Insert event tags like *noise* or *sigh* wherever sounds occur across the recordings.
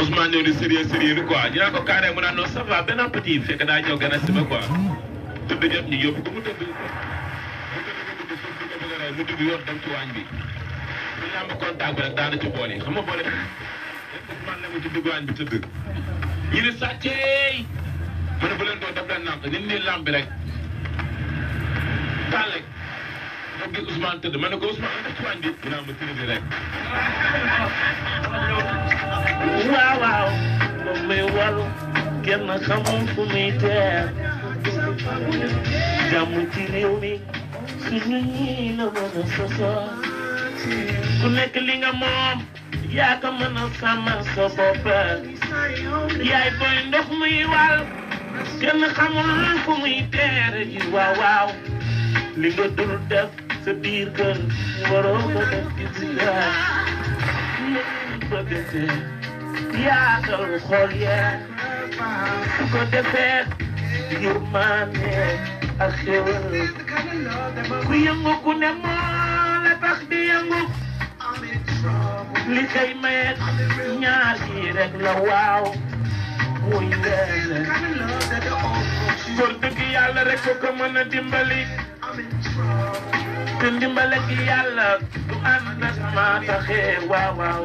Ousmane ñëw di sérieux sérieux bi quoi ñu naan ko carré mu naan non ça va benn petit fekk daa ñëw gën a si ba quoi tëdd jot ñu yóbbu ko mu tëdd mu tëdd mu dugg yoon dem ci waañ bi ñu am contact bi rek daana ci bool yi xam nga boole Ousmane la mu ci dugg waañ bi tëdd ñu ne sàcceey mu ne bu leen doon def leen nàmp nit ñi làmp bi rek taal rek foog gi Ousmane tëdd ma ne ko Ousmane def ci waañ bi mu naan ma tëdd rek waaw waaw moom may kenn xamul fu muy teer jàmm ci réew mi suñu ñii la mën a sosoo nekk li nga moom yaa ko mën a sàmmal sa bopp yaay booy ndox muy wal kenn xamul fu muy teer ji waaw waaw li nga dul def sa biir kër waroo ko def ci yaatal xool yaa su ko defee yërmande ak xéwal ku yëngu ku ne moo la tax di yëngu li kay maye ñaar yi la waaw muy leen góor dëgg yàlla rek ko ko mën a dimbali te ndimbale gi yàlla du ànd ak maa taxee waaw waaw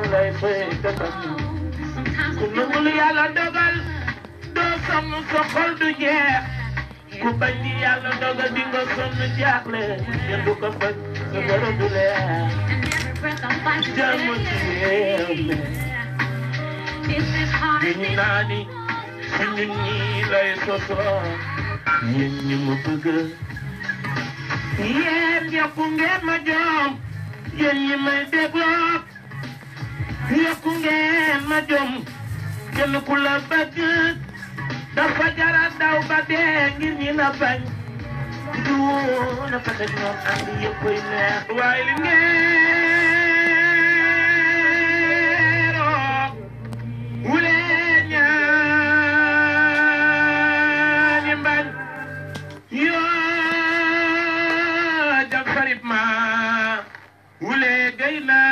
lay fay ku nangul yàlla dogal doo sonn sa xol du jeex ku bañ di yàlla dogal di nga jaaxle kenn du ko faj sa borom du leer jàmm ci réew mi dañu naa ni su ñun ñii lay sosoo ñun ñi ma bëgg yéen ñëpp ma joom yéen ñi may dégloo yokku ngeen ma jom kenn ku la bëgg dafa jara daw ba dee ngir ñi la bañ du na fa ak ñoom ànd yëpp koy neex waaye li ngeeroo wuleen ñaani mbañ yoo jam farib ma wulee gay naa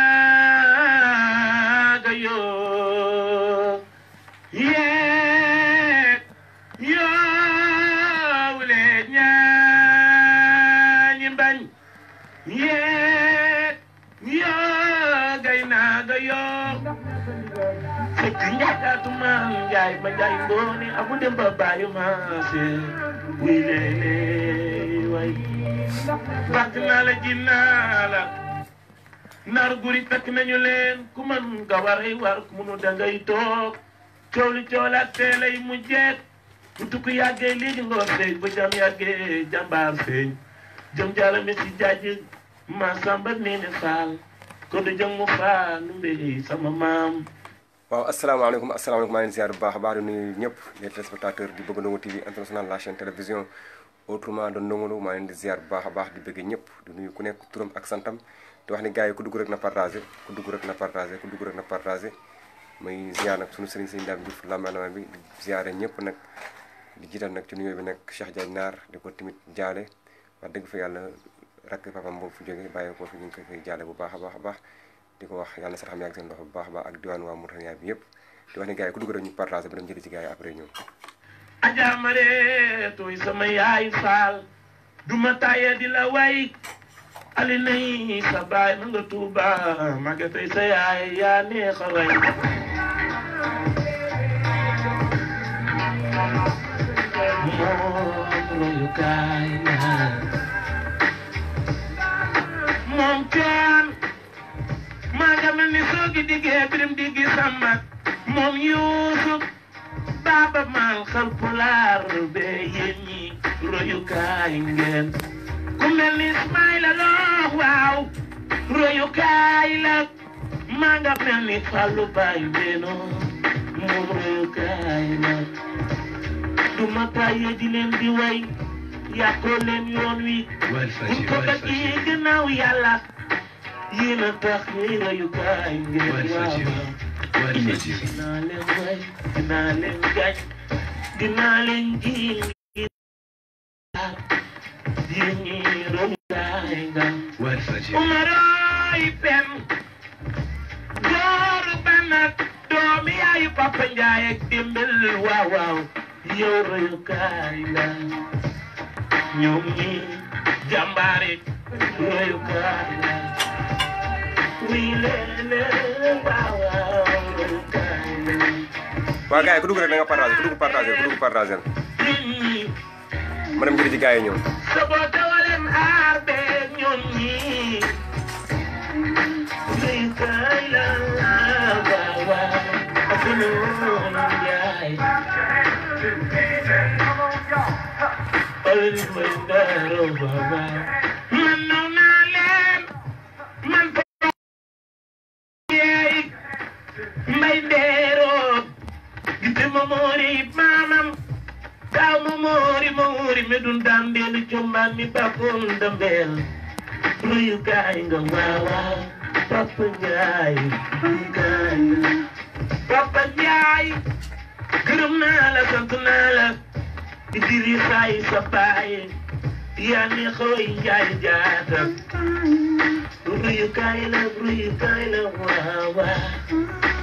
yàggatuma njaay ma njaay mbooni abu dem ba bàyyi ma se wuy leele way bàkk naa la ji naa nañu leen ku man nga waray war ku munu da ngay toog coow li coow la teelay mu jeeg bu tukku yàggee léegi ngoo seeg ba jam yàggee jàmbaar seeg jëm jaala mi si jaaji ma samba nee ne faal ko du jëm mu faal mbéy sama mam. waaw asalaamaaleykum asalaamaaleykum maa ngi leen ziar bu baax a baax di nuyu ñëpp les téléspectateurs di Bëgg Ndongo TV international la chaîne télévision autrement de Ndongo Lo maa leen di ziar bu baax a baax di bëgg ñëpp du nuy ku nekk turam ak santam te wax ni gars yi ku dugg rek na partagé ku dugg rek na partagé ku dugg rek na partagé may ziar nag sunu sëriñ sëriñ Dame Diouf lama lama bi di ziare ñëpp nag di jiital nag ci nuyoo bi nag Cheikh Diagne Naar di ko timit jaale waa dëgg fa yàlla rakk papam boobu fu jógee bàyyi ko fi ñu koy jaale bu baax a baax a baax diko wax yalla na sax xam yàgg seen dox bu baax ba ak diwan wa Mauritania bi yep di wax ne gars ku dugal ñu partager ba dem jëli ci gars après ñu ajaamare toy sama yaay faal duma tayé di la way ali nay sa baay na nga tuba tuuba tay sa yaay yaa neex a way moom royukaay moom kaay mel ni soogi ku mel ni ismaayla loo waaw royukaay la maa nga mel ni fàllu baay beenoo moom royukaay la ma tàyyee di leen di way yàqoo leen yoon wi ku ko bëggee gannaaw yàlla yi na tax ñuy royukaay ngir yàlla dinaa leen way dinaa leen gàcc dinaa leen ji ngir yéen ñii royukaay nga umaray pem góoru banat doomi yaayu papa njaay ak dimbal waaw waaw yow royukaay nga ñoom ñii jàmbaare royukaay nga waa kudu yi ku dugg kudu na kudu partager ku dugg partager ku mbay mbeeroo gite momoori maamam daaw momoori momoori medun dambeelu commaan mi bakkool dambeel ruyukaay nga waawaaw papa njaay ruyukaay papa njaay gërëm naa la sant naa la idiri xaay sa baay yaa ne xooy njaay jaata ruyukaay la ruyukaay la waawaaw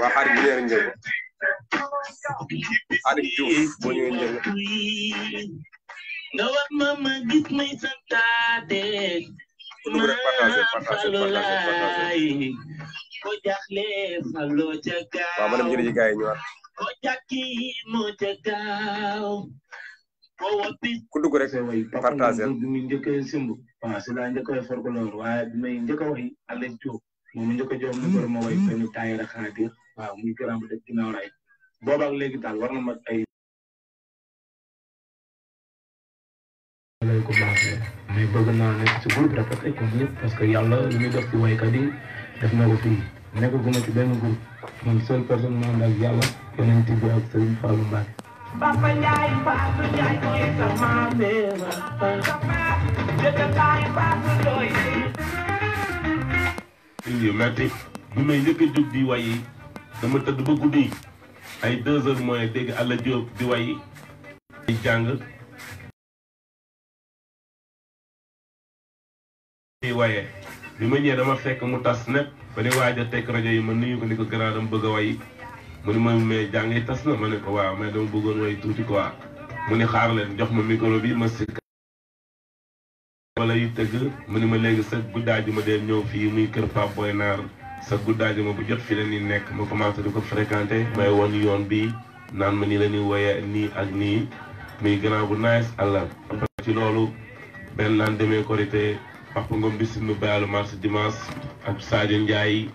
waa xarit bi yéen njëg xarit Diouf moo ñëwee njëg nga ma ma gis may santaate ko jaxle falo ca gaaw waaw madame jërëjëf gars yi ñëwaat ko jàkki moo ca gaaw ku dugg rek partagé waaw si laa njëkk a forgaloor waaye may njëkk a wax Alen moom mu njëkk a jox mu njëkk a ma woy tamit temps yii waaw muy grand bu dëkk ginnaaw raay boobaak léegi daal war na ma ay. lay commencé mais bëgg naa nekk ci ko ñëpp parce que yàlla lu muy def ci waykat yi def na ko fii nekk guma ci benn groupe man seule personne ma ànd yàlla yeneen tibbi ak Serigne Fallou Mbacke. Papa yu bi may njëkk a jóg di wayi dama tëdd ba guddi ay deux mooy dégg àlla jóob di wayi ay jàng di waye bi ma ñëwee dama fekk mu tas nepp ba ne waaj tekk rajo yi ma nuyu ko ni ko gënaa dama bëgg a wayi mu ne ma mais jàng yi tas na ma ne ko waaw mais dama bëggoon way tuuti quoi mu ne xaar jox ma micro bi ma sikk wala yu tëgg mu ni ma léegi sa guddaaju ma dee ñëw fii muy kër Pape Boy Naar sa guddaaju ma bu jot fi la ñuy nekk ma commencé di ko fréquenté may won yoon bi naan ma nii lañuy ñuy woyee nii ak nii muy gannaaw bu nice allah après ci loolu benn laan demee korité Papa Ngom bi simb baalu mars dimanche ak Sadio Ndiaye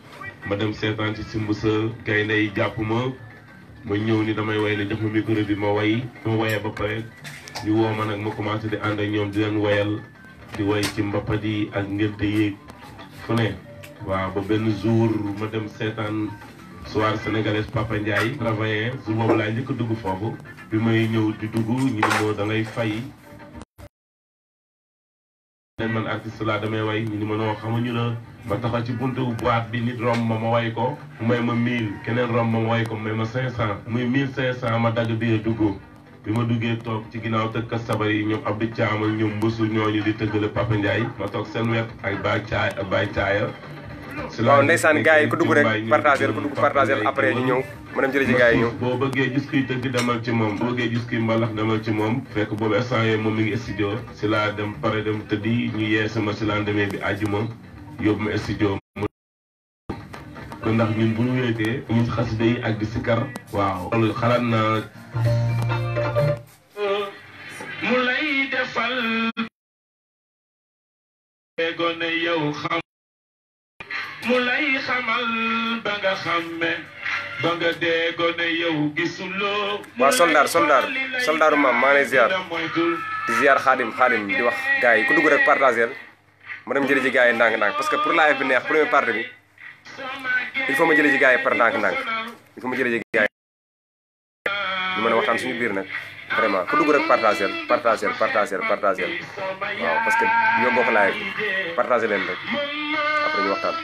ma dem seetaan ci simb sa gaynde yi jàpp ma ma ñëw nii damay woy ne jox ma micro bi ma way ma woyee ba pare ñu woo ma nag ma commencé di ànd ak ñoom di woyal di way ci mbappat ji ak ngëdd yéeg fu ne waaw ba benn jour ma dem seetaan soir sénégalais Papa Ndiaye travaillé su boobu laa njëkk dugg foofu bi may ñëw di dugg ñu ne moo da ngay fay leen man artiste laa damay way ñu ni ma noo xamuñu la ma taxaw ci buntu boîte bi nit romb ma ma way ko mu may ma 1000 keneen romb ma ma way ko mu may ma 500 muy 1500 ma dagg bi dugg bi ma duggee toog ci ginnaaw tëkk sabar yi ñoom Abdou Thiam ak ñoom Mbusu ñooñu di tëggale Papa Ndiaye ma toog seen wet ak Baye Thiaye Baye Thiaye. waaw ndeysaan gars yi ku dugg rek boo bëggee gis kuy moom boo bëggee gis kuy mbalax demal ci moom fekk boobu moom mi ngi studio si laa dem pare dem tëddi ñu yee sama si laa demee bi àjji moom yóbbu ma studio kon ndax ñun bu ñu wéetee ñu xasida yi ak di sikar waaw xalaat naa mu lay defal gone yow xamal ba nga xamme ba nga dee gone yow gisuloo waa soldaar soldaar soldaaru maam maa ngi lay ziar xaadim xaadim di wax gars yi ku dugg rek partagel ma dem jëli ci gars ndànk-ndànk parce que pour live bi neex première partie bi il faut ma jëli ci gars yi par ndànk-ndànk il faut ma jëli ci gars ñu mën waxtaan suñu biir nak vraiment ku dugg rek partager partager partager partager waaw parce que ñoo bokk laay partager len rek après ñu waxtaan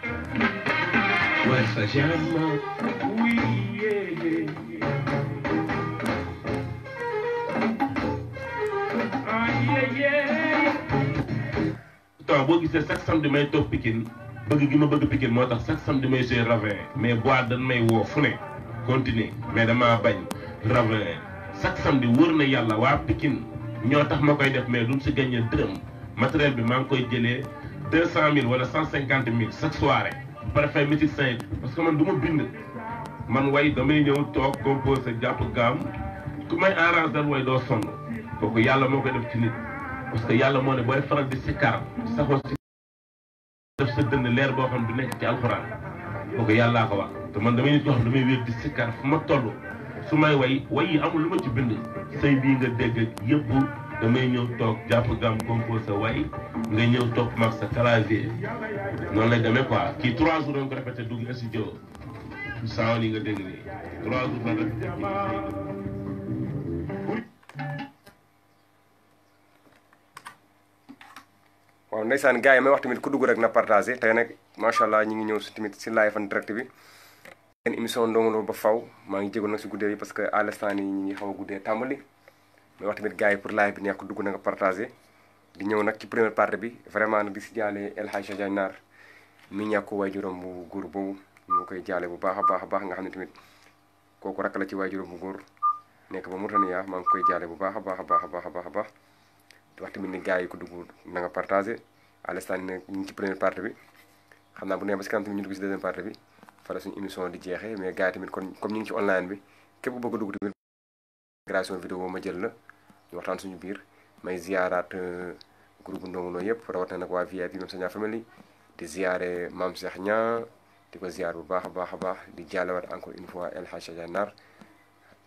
وسجامة ويلي boo gisee chaque samedi may toog Pikine bëgg gi ma bëgg Pikine moo tax chaque samedi may jouer ravin mais boîte dañ may woo fu ne continuer mais damaa bañ ravin chaque samedi wóor na yàlla waa Pikine ñoo tax ma koy def mais duñ si gagné dërëm matériel bi maa ngi koy jëlee deux cent mille wala cent cinquante mille chaque soirée préfet musicien parce que man du ma bind man way damay ñëw toog composé jàpp gaam ku may arrangé way doo sonn kooku yàlla moo koy def ci nit parce que yàlla moo ne booy faral di sikkar saxoo si def sa dënd leer boo xam bu nekk ci alxuraan kooku yàllaa ko wax te man damay nit yoo xam damay wér di sikkar fu ma toll su may way way yi amul lu ma ci bind say bii nga dégg yëpp damay ñew tok japp gam compose way nga ñew tok mag sa clavier non lay démé quoi ki 3 jours ko répété ci studio saaw ni nga dégg ni 3 jours la répété waaw ndeysaan gaay may wax tamit ku dugg rek na partagé tey nag macha allah ñu ngi ñew ci tamit ci live en direct bi en émission ndongo ba faw ma ngi jégoon nak si guddee yi parce que à l'instant ni ñi ngi xaw a mais wax tamit gars yi pour live bi neex ko dugg na nga partagé di ñëw nag ci première partie bi vraiment nag di si jaale El Hadj Diagne Naar mi ñàkk waajuram bu góor boobu ñu koy jaale bu baax a baax a baax nga xam ne tamit kooku rakk la ci waajuram bu góor nekk ba Mauritania maa ngi koy jaale bu baax a baax a baax a baax a baax di wax tamit ni gars yi ko dugg na nga partagé à l'instant nag ci première partie bi xam naa bu nee ba si kanam tamit ñu di jeexee mais gars yi tamit kon comme ñu ngi ci online bi képp ku bëgg a dugg tamit création vidéo ma jël la di waxtaan suñu biir may ziarat euh, groupe Ndongo no yëpp rawat nak wa VIP Mame Sa family di ziaré mam Cheikh nya di ko ziar bu baax a baax baax di jallawat encore une fois El Hadj janar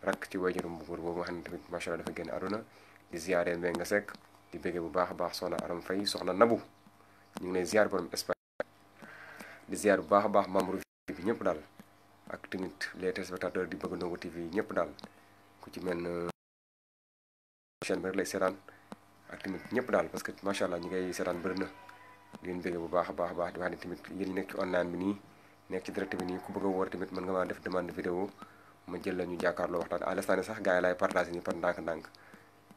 rak ci waajuram mu góor bo nga xam ne tamit macha allah dafa genn aduna di ziare nga sek di bëggee bu baax baax soxna Aram fay soxna Nabu ñu ngi lay ziar borom Espagne di ziar bu baax baax membre bi ñëpp dal ak tamit les téléspectateurs di bëgg Ndongo TV ñëpp dal ku ci mel chaîne rek lay seetaan ak tamit ñëpp daal parce que macha allah ñi ngay seetaan bëri na di leen bëgg bu baax a baax a baax di wax ne tamit yéen ñi nekk ci online bi nii nekk ci direct bi nii ku bëgg a wóor tamit mën nga maa def demande vidéo ma jël la ñu jàkkaarloo waxtaan à l'instant sax gars yi laay partagé nii par ndànk-ndànk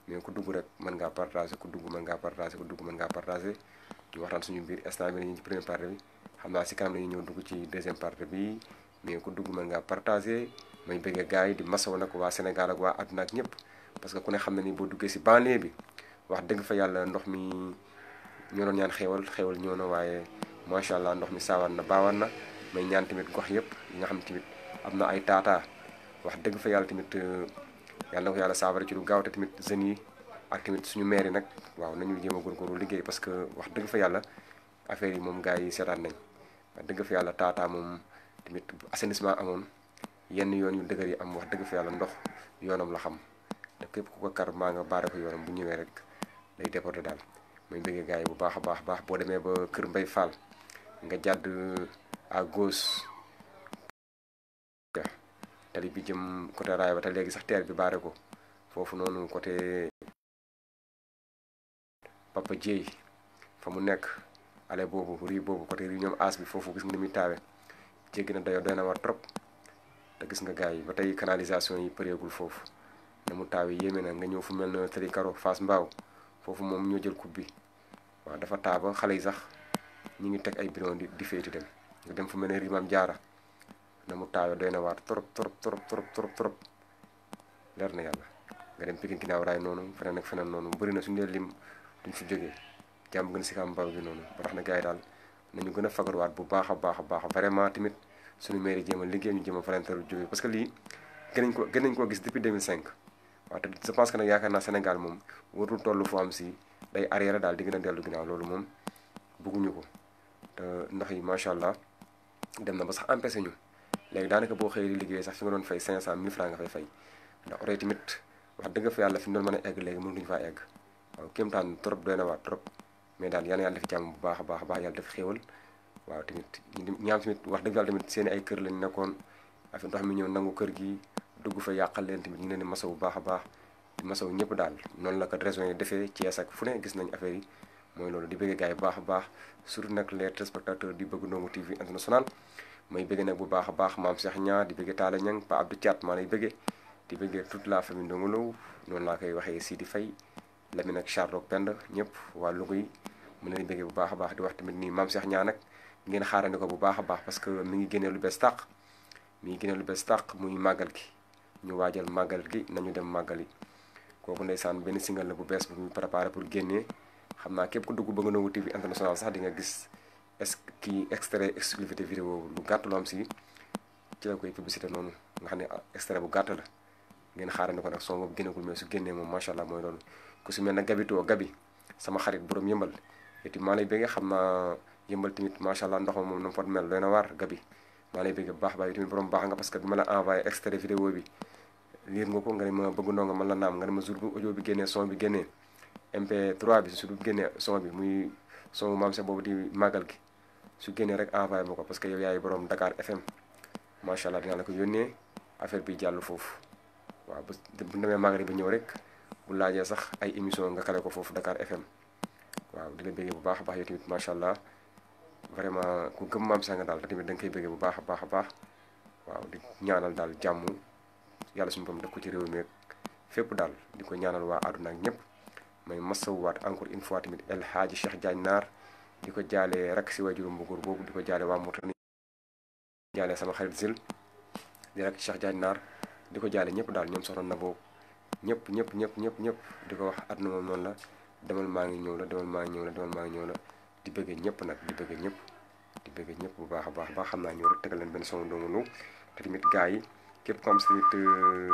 mais ku dugg rek mën ngaa partagé ku dugg mën ngaa partagé ku dugg mën ngaa partagé ñu waxtaan suñu biir instant bi nañu ci parce que ku ne xam na ni boo duggee si banlieue bi wax dëgg fa yàlla ndox mi ñoo doon ñaan xéewal xéewal ñëw na waaye macha allah ndox mi saawaan na baawaan na may ñaan tamit gox yëpp yi nga xam tamit am na ay taataa wax dëgg fa yàlla tamit euh, yàlla ko yàlla saabara ci lu gaaw te tamit jeunes yi ak tamit suñu maire yi nag waaw nañu jéem a góorgóorlu liggéey parce que wax dëgg fa yàlla affaire yi moom gars yi seetaan nañ dëgg fa yàlla taataa moom tamit assainissement amoon yenn yoon yu dëgër yi am wax dëgg fa yàlla ndox yoonam la xam da kep ko kar ma nga baare ko yoonam bu ñewé rek day déporté dal muy bëgg gaay bu baax a baax baax bo démé ba Kër Mbay Fall nga jàdd à gauche tali bi jëm côté raay ba ta légui sax teer bi baare ko foofu noonu côté Papa jey fa mu nekk ale boobu ri bobu côté rii ñom as bi fofu gis nga ni muy taawe jéggi na dayoo doy war trop da gis nga gaay ba tay canalisation yi përeegul fofu ne mu taawee yeme na nga ñew fu melno tri karo fas mbaw fofu mom ñu jël kubbi wa dafa taa ba xale yi sax ñi ngi tek ay bidon di di dem nga dem fu melni Rimam Jaara ne mu taawee doyna na torop torop torop torop torop torop leer na yalla nga dem Pikine Ginaaw ray nonu feneen ak feneen nonu bari na suñu lim duñ fi joge jamm gën si kam mbaaw bi nonu ba tax na gay dal nañu gëna fagar fagaruwaat bu baaxa baaxa baax vraiment timit suñu mairie jéem liggéey ñu jéem a volontaire jógee parce que li gën ko gën ko gis depuis 2005 waaw te je pense que nag yaakaar naa Sénégal moom warul toll foo am si day arrière daal di gën a dellu ginnaaw loolu moom bëgguñu ko te ndox yi macha allah dem na ba sax empêché ñu léegi daanaka boo xëyee di liggéey sax fi nga doon fay 500 1000 francs nga fay fay ndax oto yi tamit wax dëgg fa yàlla fi ñu doon mën a egg léegi ñu faa egg waaw kéemtaan trop doy na waa trop mais daal yal na yàlla def jàmm bu baax a baax baax yàlla def xéewal waaw tamit ñi am tamit wax dëgg yàlla seen ay kër lañ nekkoon affaire ndox mi ñëw nangu kër gi dugg fa yàqal leen tamit ñu ne di masawu baax a baax di masawu ñepp daal non la ko raison yi defé ci yees ak fu ne gis nañ affaire yi moy lolu di bëgg gaay yi baax baax surtout nak les téléspectateurs di bëgg nomu TV international may bëgg nak bu baaxa baax maam Cheikh nya di bëgg taala ñang Pa Abdou tiat ma lay bëgg di bëgg toute la famille Ndongo Lo non la kay waxe Sidi fay lami nak charlo Pend ñëpp waa Louga yi mën nañu bëgg bu baaxa baax di wax tamit ni maam Cheikh nya nak ngeen xaarandi ko bu baaxa baax parce que mi ngi génnee lu bees mi ngi génnee lu bees muy magal ki ñu wajal magal gi nañu dem magali koku ndaysan ben single bu bes bu ñu préparer pour génné xamna képp ku dugg bëgg na wu tv international sax di nga gis est kii extrait exclusivité vidéo lu gàtt lu am si ci la koy publicité nonu nga xamné extrait bu gàtt la ngeen xaarandi ko nak son boobu génnagul mais su mo ma sha allah moy lool ku su melna gabi to gabi sama xarit borom yëmbal eti ma lay bëgg xamna naa timit ma sha allah ndox mom na fa mel war gabi ma lay bëgg bu baax baay tamit borom baax nga parce que bima la envoyer extrait vidéo bi lir nga ko nga ne ma bëgg ndongo man la naam nga ne ma jour bu audio bi génnee son bi génnee mp3 bi su génnee son bi muy son maam sa bobu di magal gi su génnee rek envoy ya, mako parce que yow yaay borom Dakar FM sha allah dina la ko yónnee affaire bi jallu fofu wa bu bu demee màggal bi ñëw rek bu laaje sax ay émission nga xalé ko fofu Dakar FM wa di la bëggee bu baax baax yow tamit sha allah vraiment ku gëm maam sa nga dal tamit dang nga koy bëggee bu baax baax baax waaw di ñaanal dal jàmm yalla suñu borom def ko ci rew mi fepp dal diko ñaanal wa aduna ak ñëpp may massaw wat encore une fois tamit El Hadji Cheikh Diagne Naar di ko jaalee rek si waajuram bu góor boobu di ko jaale waa Mauritanie sama xarit Zil di rak Cheikh Diagne Naar di ko jaale ñëpp daal soxna na boobu ñëpp ñëpp ñëpp ñëpp ñëpp di wax aduna mom non la demal ma ngi ñew la demal ma ngi ñëw la demal ma ngi ñëw la di bëgg ñëpp nak di bëgg ñëpp di bëgg ñëpp bu baax baax ba xamna ñu rek tegal leen ben son doomu lu tamit gaay yi képp ko am si euh,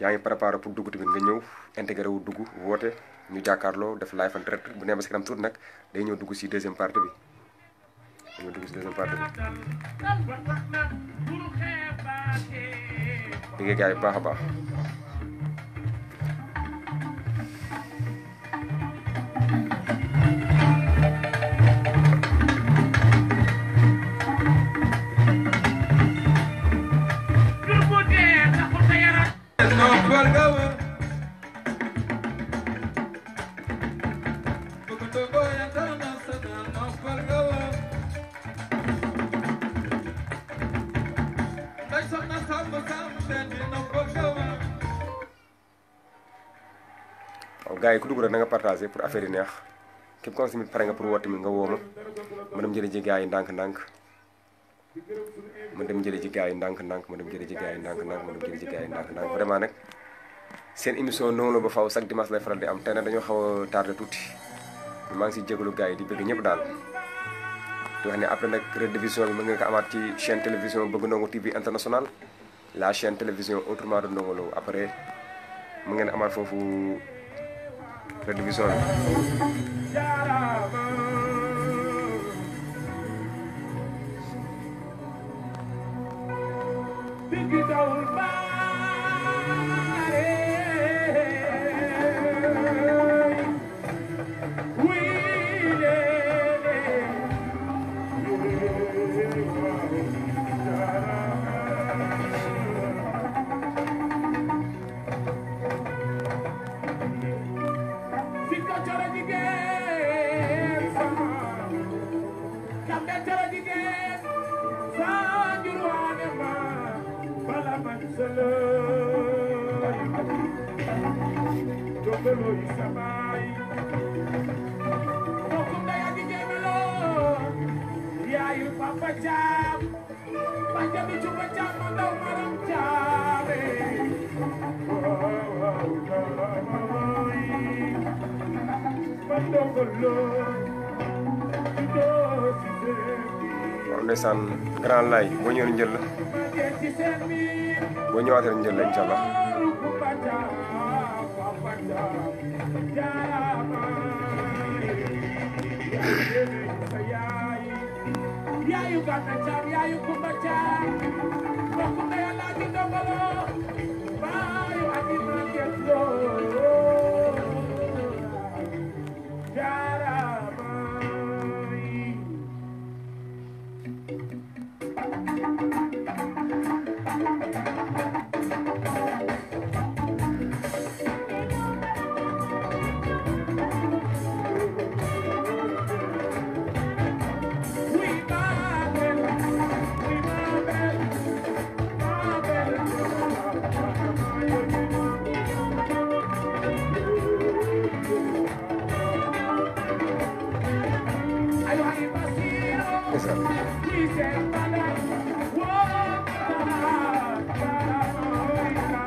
yaa ngi préparer pour dugg tamit nga ñëw intégré wu dugg woote ñu jàkkaarloo def live en bu nee ba si kanam tuuti nag day ñëw dugg si deuxième partie bi dañoo dugg si deuxième partie bi liggéey gars yi baax a baax gaay ku dugg na nga partager pour affaire yi neex kep ko simit tamit nga pour woo mi nga woo ma dem jëli ji gaay yi ndànk-ndànk ma dem jëli ji gaay yi ndànk-ndànk ma dem jëli ji gaay yi ndànk-ndànk ma dem jëli ji gaay yi ndànk-ndànk vraiment nak seen émission noonu la ba faaw sax dimanche lay faral di am tane dañu xaw tardé tuuti ma ngi ci jégalu gaay yi di bëgg ñëpp daal di wax ne après nak rediffusion ma mën nga ko amaat ci chaîne télévision Bëgg nongo TV international la chaîne télévision autrement do Ndongo Lo après mu ngeen amaat fofu Let me solve. Think it's waaw ndeysaan grand laay boo ñëwee njël la boo ñëwaatee njël la incha allah Gana Caar yaayu Kumba Caar mbokk mi Alaaji Ndongolo baayu Adi Maam Yendo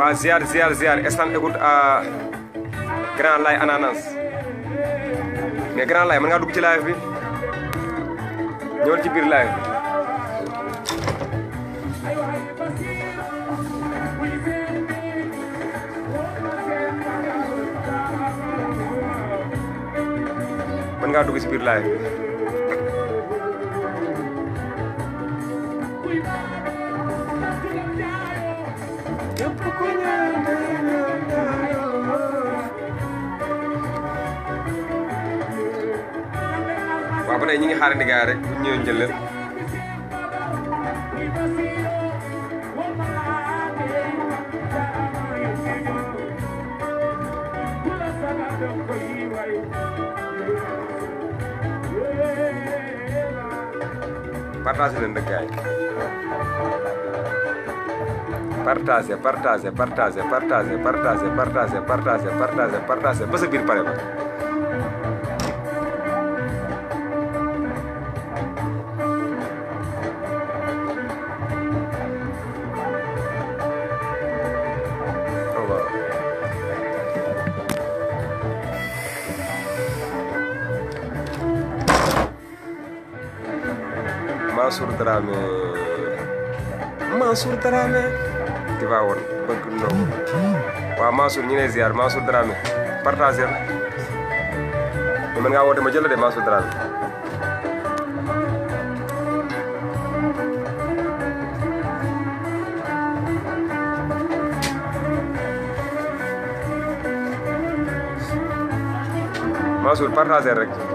wa ziar ziar ziar estan écoute a ah, Grand lay Ananas mais Grand lay, man nga dug ci live bi ñëwal ci bir live man nga dug ci bir live ne ñi ngi xaarandi gars rek bu ñëwee jël leen partagé leen nag gars yi partagé partagé partagé partagé partagé partagé partagé partagé partagé ba sa biir pare ba Dramé Mansour Dramé di waa woon bëgg noo waaw Mansour ñu ne ziar Mansour Dramé partagé mën ngaa woote ma jël la de Mansour Dramé Mansour partagé rek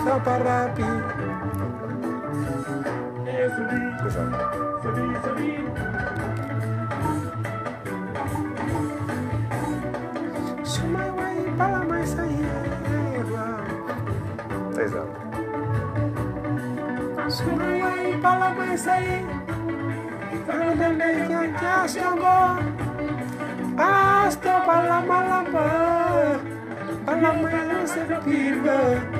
saparapi Chama aí para mais sair Seis anos Chama aí para mais sair Quando me já chegou Hasta para la malapa Para la mala se pirga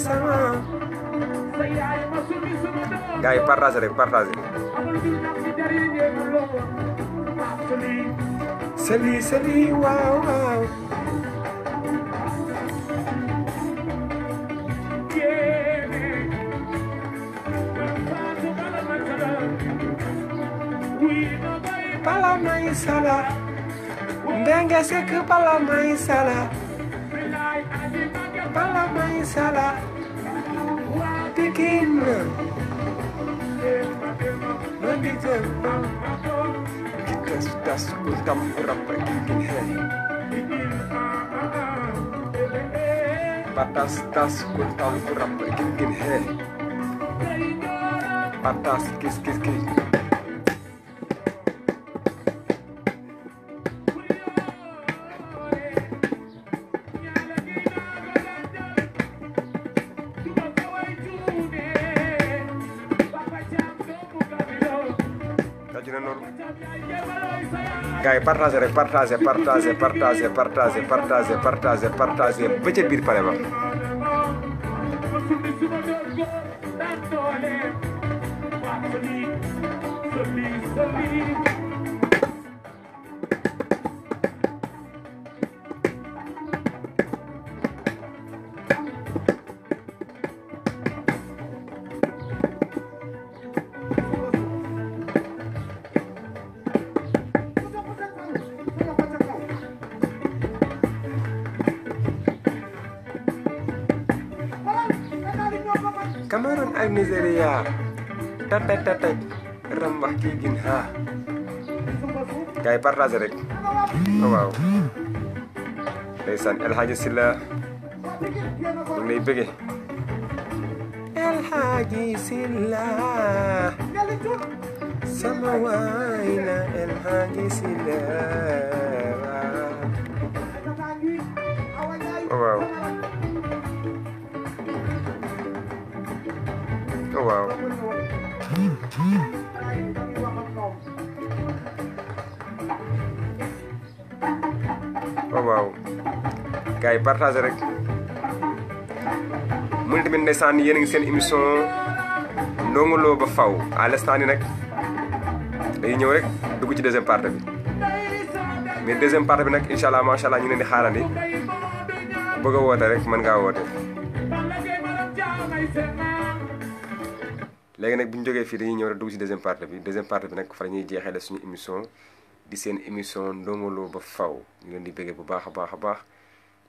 sama gars yi partagé rek partagé seli seli waaw waaw bala may sala ndenge sek bala may sala bala may sala Kimber Begitu Kita sudah syukur kamu berapa gigin hari Patas tas kul tahu berapa gigin hari Patas kis kis kis partagé rek partagé partagé partagé partagé partagé partagé partagé ba ca biir pare ba Ya, Tetek tetek rembah gigin ha. Kayak parra zerek. Oh, wow. Lesan El Haji Silla. Ini ibege. Eh. El Haji Silla. Sama waina El Haji Silla. ko waaw waaw gars yi rek mu ne tamit ndeysaan yéen a ngi seen émission Ndongo Lo ba faw à l'instant ni nag dañuy ñëw rek dugg ci deuxième partie bi mais deuxième partie bi nag incha allah ñu leen di xaarandi ku bëgg woote rek mën ngaa woote. légui nak bu joggé fi dañuy ñëw rek dugg ci deuxième partie bi deuxième partie bi nak fa lañuy jéxé jeexale suñu émission di seen émission ndongolo ba faw ñu leen di bëggee bu baax a baax a baax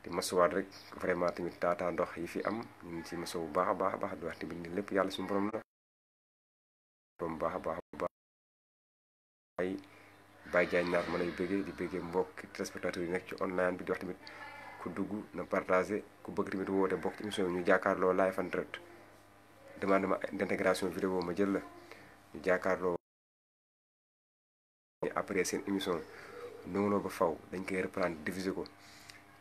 di masuwaat rek vraiment tamit tata ndox yi fi am ñu ci maso bu baax a baax a baax di wax tamit ni lépp yàlla suñu borom la borom baax a baax baax ay bay jaay naar ma lay bëggé di bëggé mbokk téléspectateurs yi nekk ci online bi di wax tamit ku dugg na partager ku bëgg tamit woote bokk émission ñu jàkkaarloo live en direct demande ma d'intégration vidéo ma jël la ñu jàkkaarloo après seen émission Ndongo Lo ba faw dañ koy reprendre diviser ko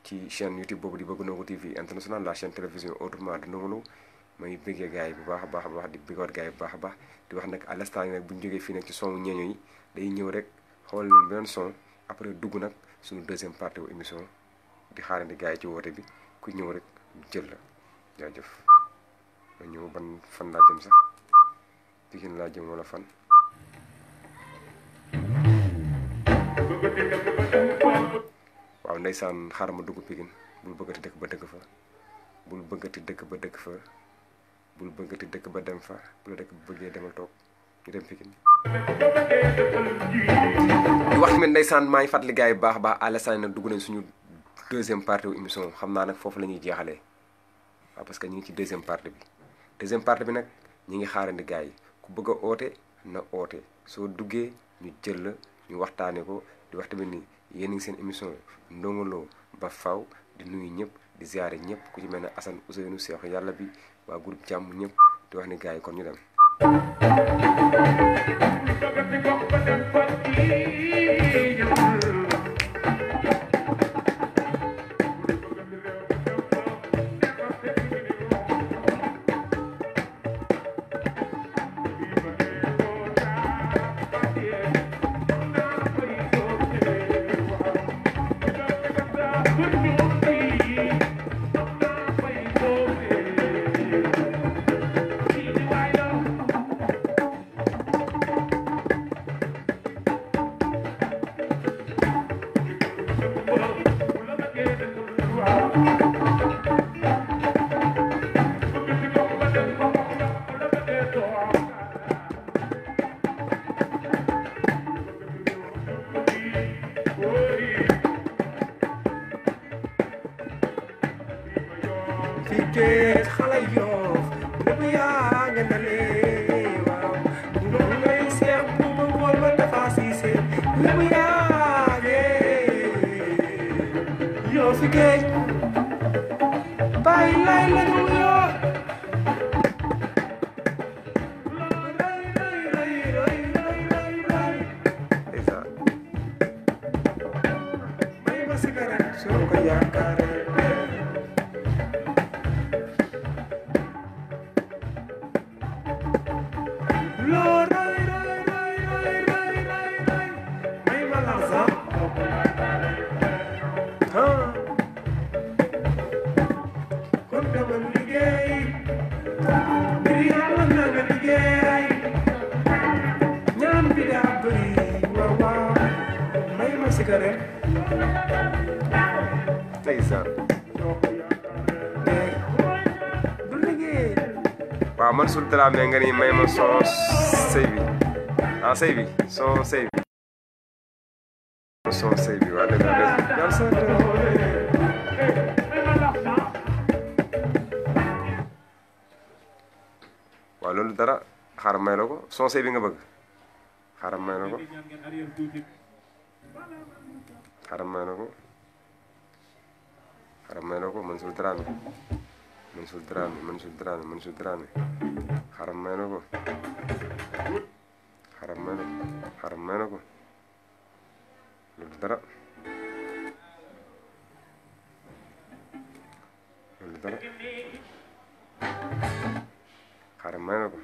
ci chain YouTube boobu di bëgg Ndongo TV international la chaîne télévision autrement de Ndongo Lo ma ngi bëggee gars yi bu baax a baax a baax di bëggoon gars yi bu baax a baax di wax nag à l'instant nag bu ñu jógee fii nag ci son ñeeño yi day ñëw rek xool leen beneen son après dugg nag suñu deuxième partie wu émission di xaarandi gars yi ci woote bi ku ñëw rek jël la jaajëf ma ban fan la jëm sax ya. Pikine la jëm wala fan waaw ndeysaan xaaral ma dugg Pikine bul bëggati dëkk ba dëkk fa bul bëggati dëkk ba dëkk fa bul bëggati dëkk ba dem fa bul dëkk bu bëggee demal toog ñu dem pigin di wax tamit ndeysaan maa ngi fàttali gars bu baax a baax Alassane nag dugg nañ suñu deuxième partie wu émission xam naa nag foofu la ñuy jeexalee waaw parce que ñu ngi ci deuxième partie bi deuxième partie bi nag ñi ngi xaarandi gars yi ku bëgg oote na oote soo duggee ñu jël la ñu waxtaanee ko di wax tamit ni yéen a ngi seen émission Ndongo Lo ba faw di nuyu ñëpp di ziare ñëpp ku ci mel ne Assane Ousseynou Seexu yàlla bi waa groupe jàmm ñëpp di wax ni gars yi kon ñu dem. Dramé nga ni may ma son sëy bi ah sëy bi son sëy bi son sëy loolu dara xaaral may la ko son sëy bi nga bëgg xaaral may la ko xaaral may la ko xaaral may la ko Mansour Dramé من شدراني من شدراني من شدراني حرمينكو حرمينكو حرمينكو للدرا للدرا حرمينكو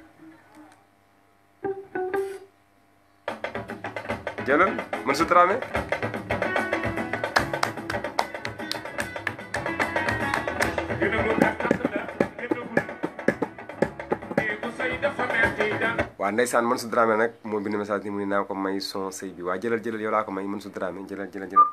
جلال من شدراني waaw mën su Dramé nag moo bind message ni mu ne naa ko may son sëy bi waa jëlal jëlal yow laa ko may Mansour Dramé jëlal jëlal jëlal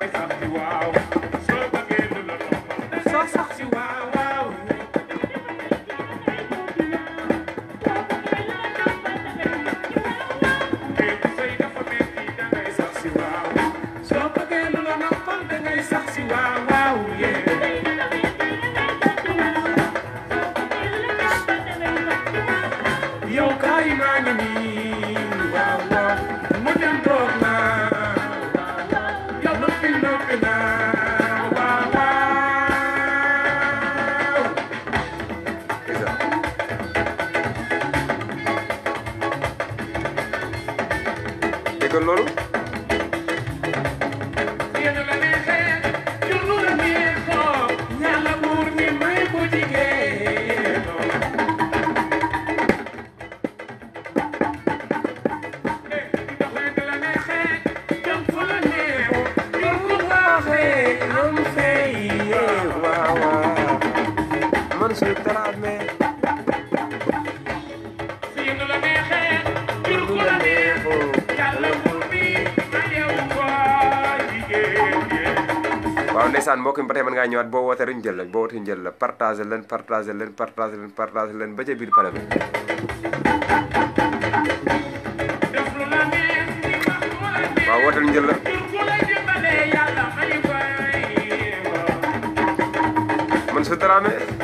salaamaaleykum ba tey mën ngaa ñëwaat boo wootee rek ñu jël la boo wootee ñu jël la partagé leen partagé leen partagé leen ba ca biir pare bi waaw wootee ñu jël la man su daraamee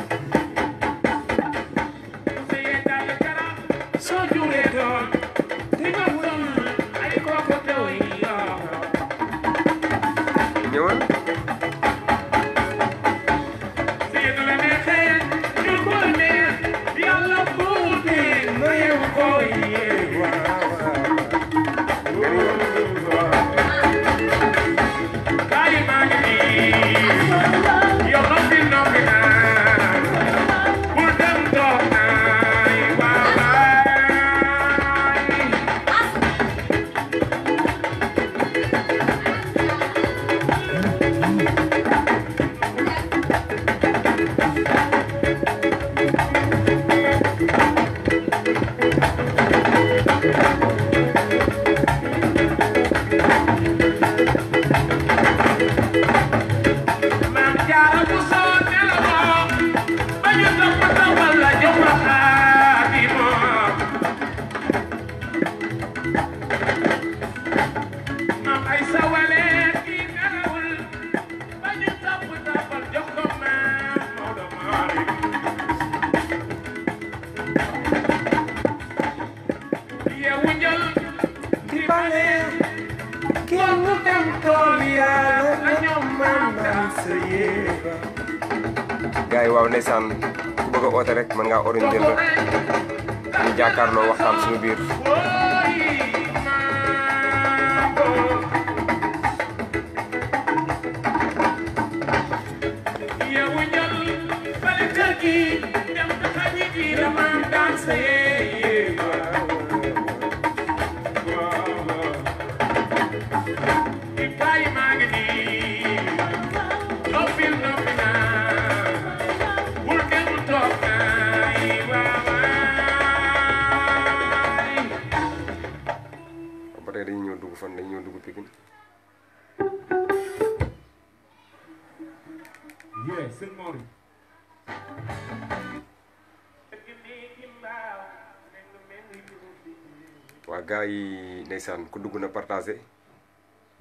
ndeysaan ku duguna na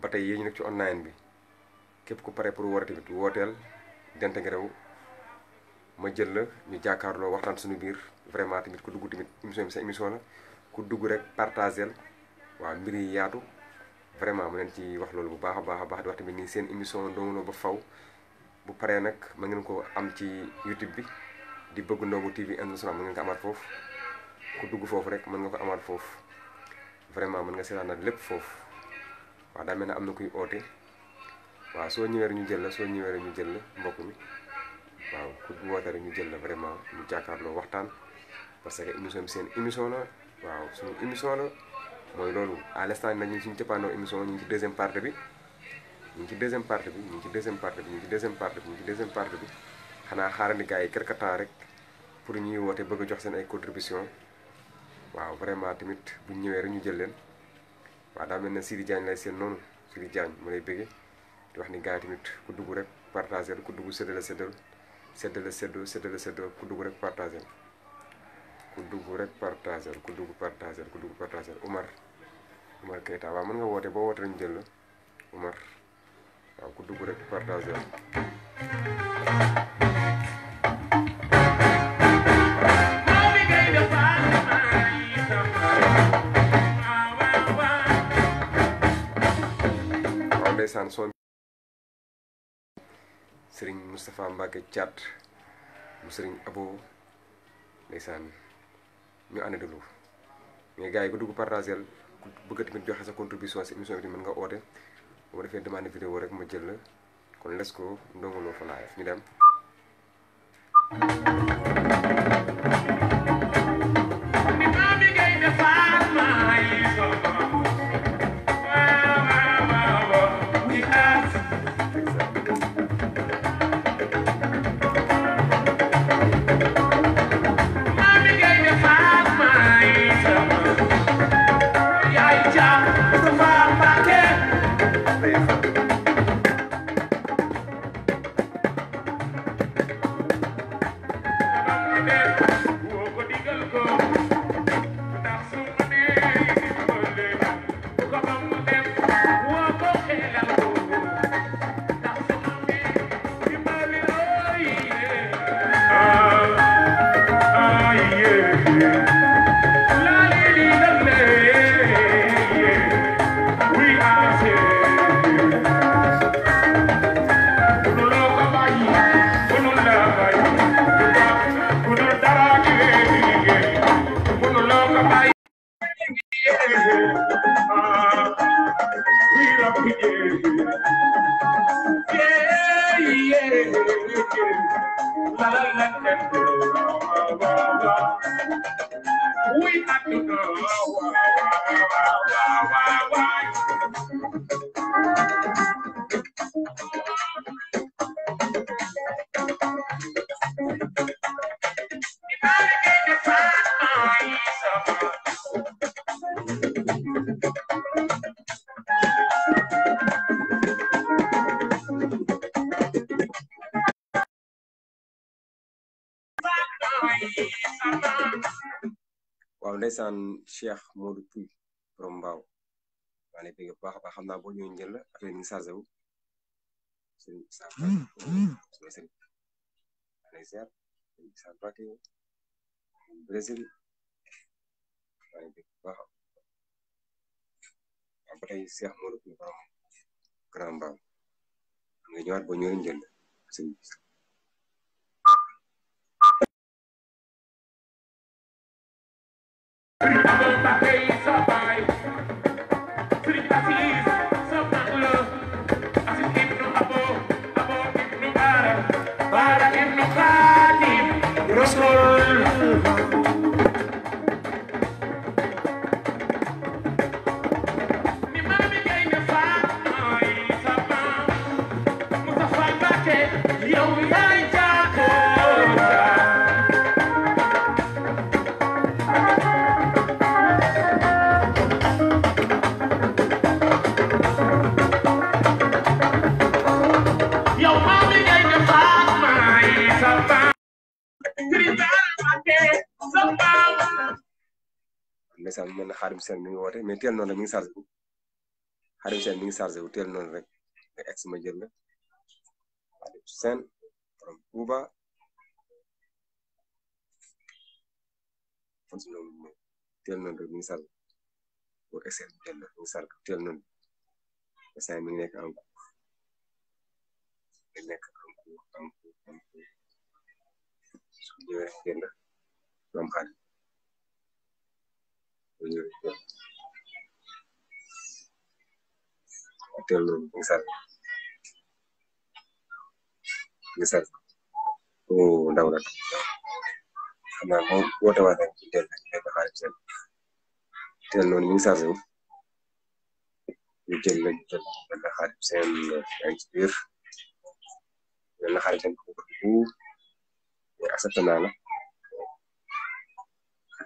batay yeñu nak ci online bi kep ku paré pour woote tamit wotel denté nga rew ma jël la ñu jakarlo waxtan suñu bir vraiment tamit ku duggu tamit émission bi sa émission la ku duggu rek partager wa mbir yi yaatu vraiment mu len ci wax lolu bu baaxa baaxa baax wax tamit ni seen émission Ndongo Lo ba faw bu paré nak ma ngeen ko am ci YouTube bi di bëgg Ndongo TV international ma ngeen ko amat fofu ku duggu fofu rek mën nga ko amat fofu vraiment mën nga seetaanal lépp foofu waaw daa mel ne am na kuy oote waaw soo ñëwee ñu jël la soo ñëwee ñu jël la mbokk mi waaw ku woote rek ñu jël la vraiment ñu jàkkaarloo waxtaan parce que émission bi seen émission la waaw suñu émission la mooy loolu à l'instant nag ñu ngi suñu cëppaandoo émission ñu ngi ci deuxième partie bi ñu ngi ci deuxième partie bi ñu ngi ci deuxième partie bi ñu ngi ci deuxième partie bi xanaa xaarandi gars yi quelque temps rek pour ñuy woote bëgg a jox seen ay contribution waaw vraiment tamit bu ñu ñëwee rek ñu jël leen waaw daa mel ne Sidi lay seen noonu Sidi Diagne ma lay bëggee di wax ni gaa yi tamit ku dugg rek partagé ku dugg séddale séddal séddale séddoo séddale séddoo ku dugg rek partagé ku dugg rek partagé ku dugg partagé ku dugg partagé Umar Umar Keita waaw mën nga woote boo woote rek ñu jël la Umar waaw ku dugg rek partagé. ndeysaan soo sëriñ Moustapha Mbacke Thiat mu sëriñ Abo ndeysaan ñu ànd déglu mais gars yi ko dugg partagel ku bëgg joxe sa contribution si émission bi mën nga oote bu ma defee demande rek ma jël la kon les ko ndongo loo fa live ñu ngi chargé wu sëriñ Issa Mbacké Brésil ba tey Cheikh Modou Kounta Grand Mbao nga ñëwaat ba ñëwee njënd sëriñ Issa ndeysaan mel na xaarim seen mi ngi woote mais teel noonu rek mi ngi chargé wu xaarim seen mi ngi chargé wu teel noonu rek nga egg ma jël la xaarim seen borom Touba teel noonu rek mi ngi chargé boo egg seen jël la mi ngi chargé teel noonu ndeysaan mi ngi nekk en cours mi ngi nekk en cours en cours en cours su ñëwee jël la moom xaarim Hotel misal misal ko ndaw nak xanaa boo woote waa rek del rek fekk xaalis rek tel noonu ñu chargé wu ñu jël la jël benn xaalis seen ay ci biir benn xaalis seen ko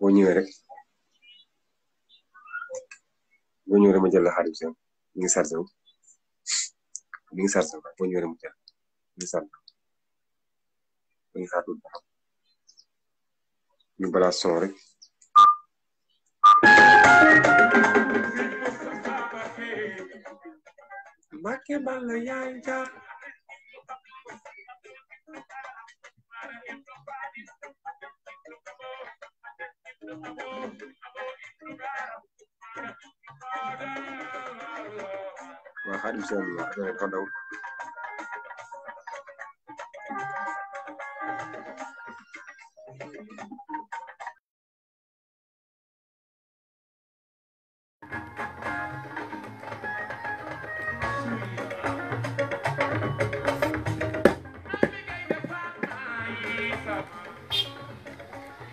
boo ñëwee rek boo ñëwee rek ma jël la xarit bi mi ngi chargé wu mi ngi chargé wu boo ñëwee rek mu jël mi ngi son rek. waa xarim saadiya adana Thank you.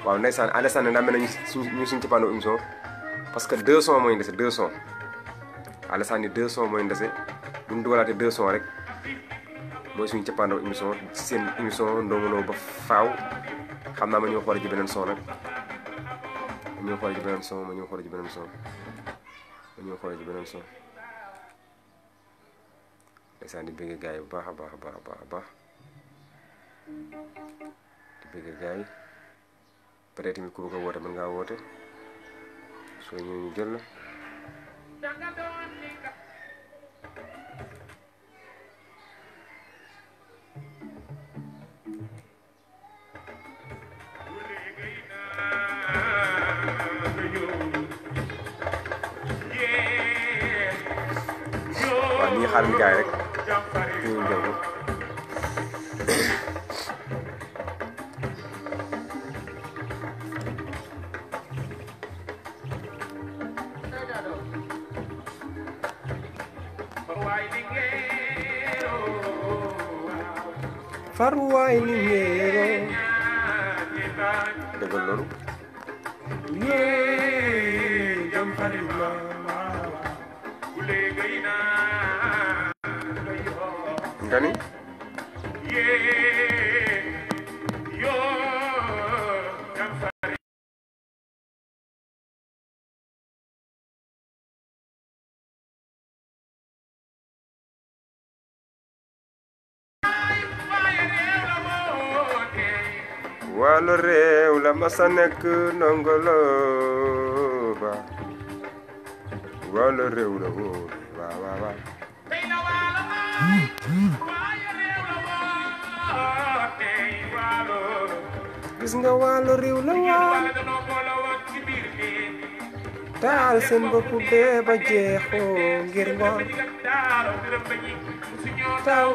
waaw ndeysaan ah, ndeysaan ne daa mel nañu su ñu suñ cappaandaw émission parce que deux sons mooy ndese deux sons Alassane ah, ni deux sons mooy ndese bu ñu dugalaatee deux sons rek mooy suñu cappaandaw émission seen émission Ndongo Lo ba faaw xam naa ma ñu xool ci beneen son nag ma ñu xool ci beneen son ma ñu xool ci beneen son ma ñu xool ci beneen son ndeysaan di bëgg gars yi bu baax a baax a baax a baax di bëgg gars peut être ku bëgg a woote mën ngaa woote ñu jël na farwaay ni yéero dëggal loolu yée jam farima nga sunu réew la masa nekk ndongolo ba waalo réew la woon waaw waaw waaw gis nga waalo réew la woon taal seen bopp bee ba jeexoo ngir ngoon taw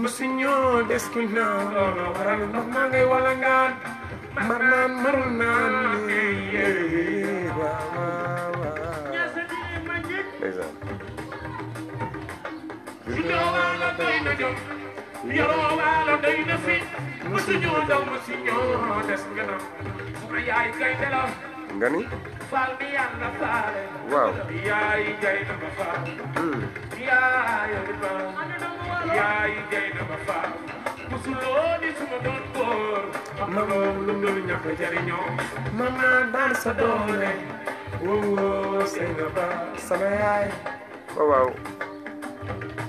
musuñoo des ku ñaaw looloo waral ndox maa ngay wala ngaan mar naan marul naan lii waaw waaw waaw yoroo waalo doy na fi musuñoo daw musuñoo des gënam ma yaay kay delaw nga ni faal mi yaan na faale waaw yaay kay na ma faal yaay yaay jay na ma faat musulooni su ma doon góor ma loom lu dul ñàkk jariñoo ma naan daan sa doole wowoo sëy na ba sama yaay waaw waaw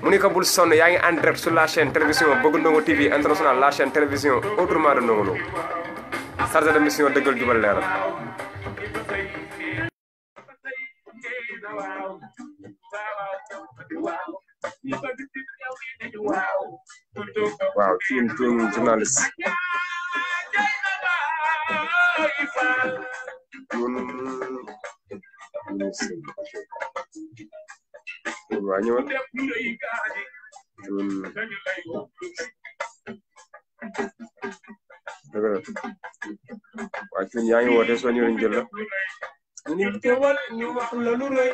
mu ni ko bul sonn yaa ngi en sur la chaîne télévision bëgg Ndongo TV international la chaîne télévision autrement de Ndongo Lo chargé de mission dëggal waaw team team journaliste ñun waa ñëwal ñun dëgg la waa ñun yaa ngi woote soo ñëwee ñu jël la. nit teewal ñu wax la lu rëy.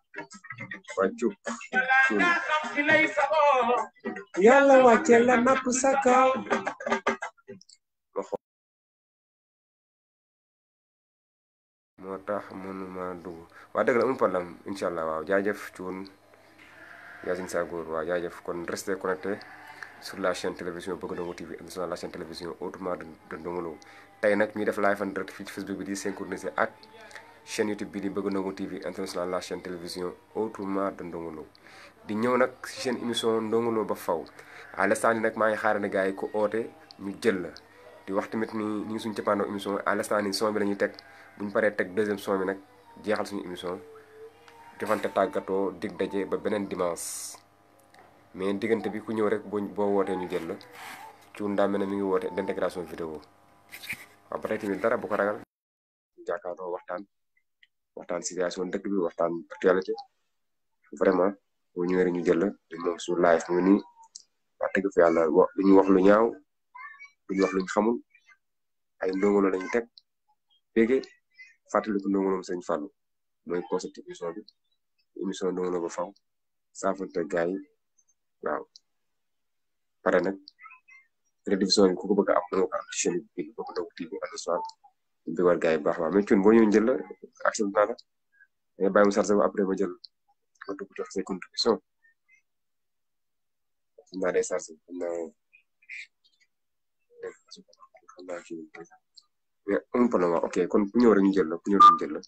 wàccu suul yàlla wàcce la napp sa moo tax mënuma dugg waa dëgg la amul problème incha allah waaw jaajëf cuun Yacine Sagour waaw jaajëf kon restez connecté sur la chaîne télévision Bëgg Ndongo TV international la chaîne télévision autrement de Ndongo Lo tey nag ñuy def live en Facebook bi di synchroniser ak chaîne YouTube bi di Bëgg Ndongo TV international la chaîne télévision autrement de Ndongo Lo di ñëw nag si seen émission Ndongo ba faw à l'instant nii nag maa ngi xaarandi gars yi ko oote ñu jël la di wax tamit ni ñu ngi suñu émission à l'instant nii son bi la ñuy teg bu ñu paree teg deuxième son bi nag jeexal suñu émission joxante tàggatoo dig daje ba beneen dimanche mais diggante bi ku ñëw rek boo boo wootee ñu jël la ci woon daa ne mi ngi woote d'intégration vidéo waaw ba bu ko ragal waxtaan. waxtaan situation dëkk bi waxtaan actualité vraiment boo ñëwee ñu jël la moom su live mu nii wax dëgg fa yàlla wax lu ñu wax lu ñaaw lu ñu wax lu ñu xamul ay ndongolo lañu teg bége fàttaliku ndongoloom sëñ Fallou mooy concept émission bi émission ndongolo ba faw saafante gars yi waaw pare nag télévision bi bi war gars yi baax waaw mais Thioune la accident la mais bàyyi mu chargé après ma jël ma dugg jox say contribution xam naa day chargé xam ok kon ku ñëw rek ñu jël la ku ñëw rek la.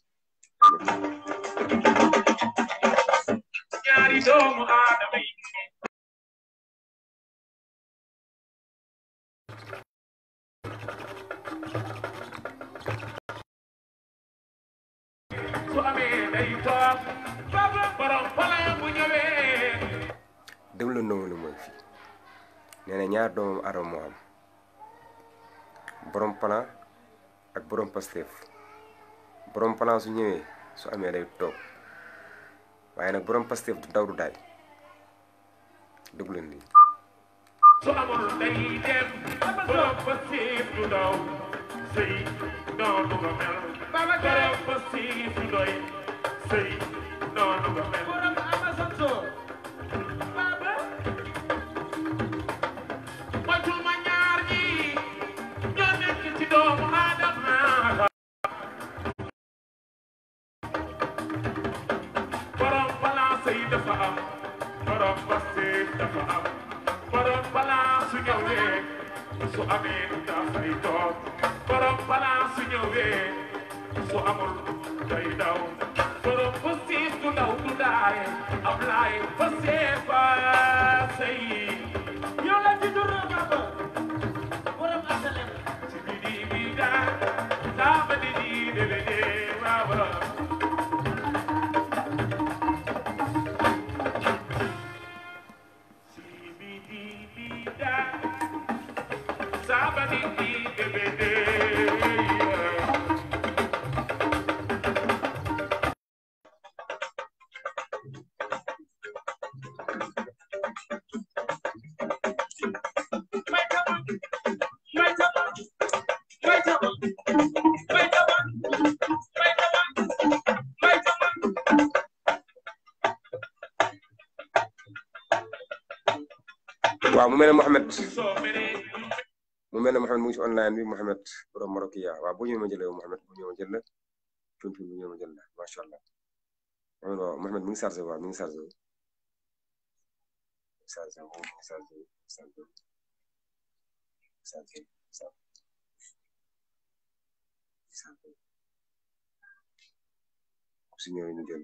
déglu ndongo lu mooy fii nee ñaar doom aadama mo am borom plan ak borom Pastef borom plan su ñëwee su amé day toog waaye nak borom Pastef du daw du daay déglu leen lii. su amoon day dem borom Pastef du daw sey sëy du nga mel ba borom Pastef du doy sey sëy du nga mel. ñëwee su amee dafay toog borom balance su ñëwee su amul day daw borom ba siis du ndaw du daay am laay ba see ba sey yow la ci dur ba online bi Muhammad, borom Marokiya wa bu ñu ma jëlee Muhammad bu ñu ma jël la pimpi bu ñu ma jël la sha allah Mouhamed waaw Mouhamed mu ngi charger wa mu ngi charger chargé mu ngi chargé chargé charger chargé su ñëwee ñu jël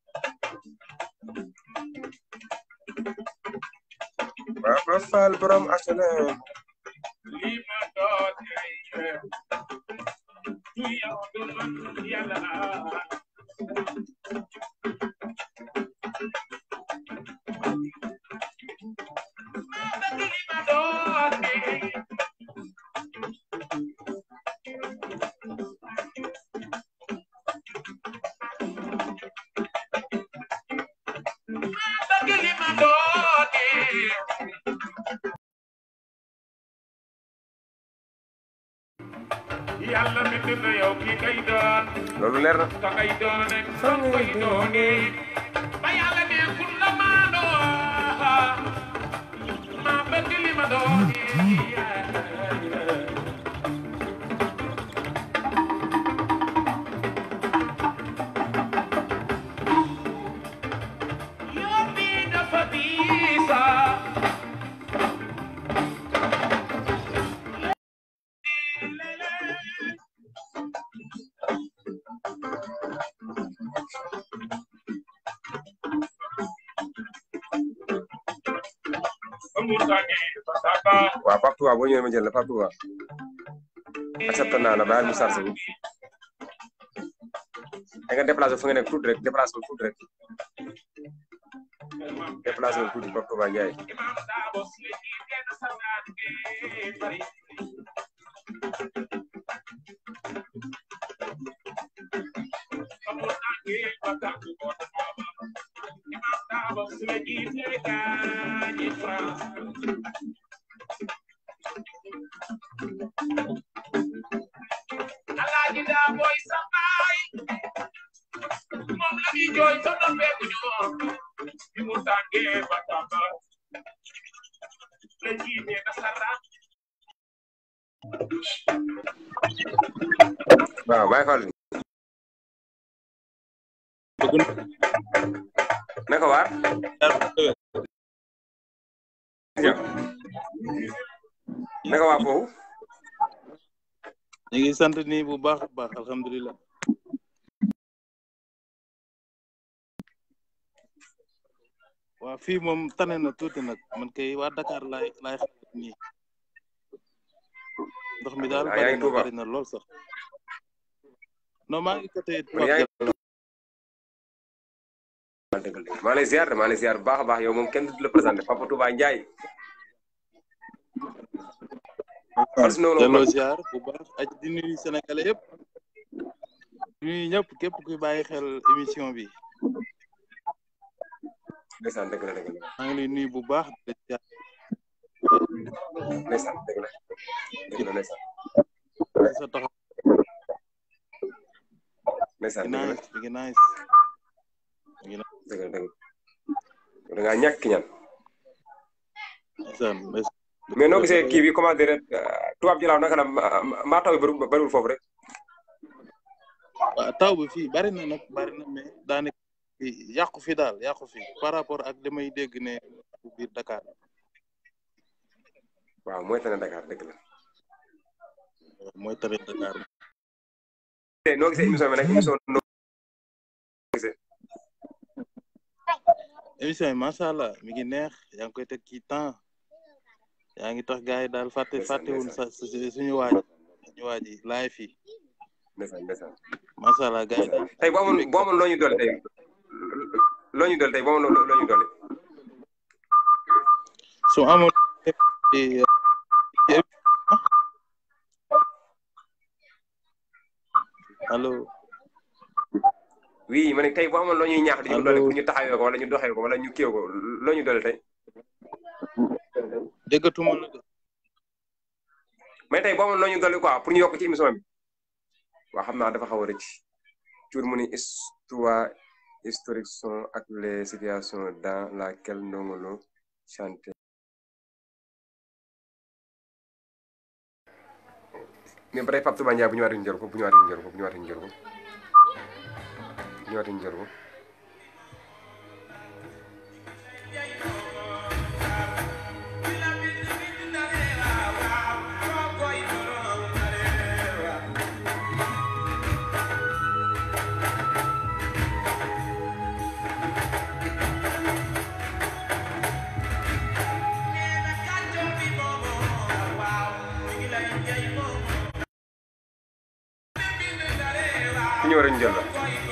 Baba Fall borom asalaam. lii ma doon ay du yàlla bind na yow ki ngay doon. loolu leer na. ka ngay doon rek soo koy doonee. ba yàlla kun la maa doon. maa bëgg li ma doon. Touba boo ñëwee ma jël la Pape Touba accepté naa la bàyyil mu chargé wu da nga déplacé fu nga nekk tuuti rek déplacé wu tuuti rek déplacé wu tuuti Pape Touba Ndiaye sant bu bax baax alhamdulilah. waaw fii moom tane na tuuti nag man kay waa Dakar laay laay xam nii ndox mi daal bari na bari na lool sax non maa ngi côté maa lay ziar maa lay ziar bu a baax delloo ziar bu baax ak nuyu yëpp nuyu ñëpp képp kuy bàyyi xel émission bi ndeysaan dëgg la dëgg maa ngi lay nuyu bu baax di ñan ndeysaan mais noo gise kii bi comment dire euh, tubaab Jalaaw naka la maa taw bi bëri rek. waaw taw bi fii bari na nag bari na mais daanaka yàqu fi daal yàqu fi par rapport ak damay dégg ne biir Dakar. waaw mooy tane Dakar dëgg la. Euh, mooy tane Dakar. tey eh, noo gisee émission bi nag émission noo gisee. mi ngi neex yaa ngi koy teg ci temps. yaa ngi tax gars yi daal fàtte fàttewul sa suñu waaj suñu waaj yi laay fii. ndeysaan ndeysaan. macha allah gars yi daal. tey boo amoon boo amoon tey loo amoon loo ñu dolli. ma ne tey boo amoon loo ñuy ñaax di ñu dolli pour ñu taxawee ko wala ñu doxee wala ñu kii ko loo tey. dégg déggatuma la mais tey boo ma noo ñu dolli quoi pour ñu yokk ci émission bi waa xam naa dafa xaw a rëcc cuur mu ni histoire historique sont ak les situations dans laquelle Ndongo Lo chanté ko ko ko ko engeller.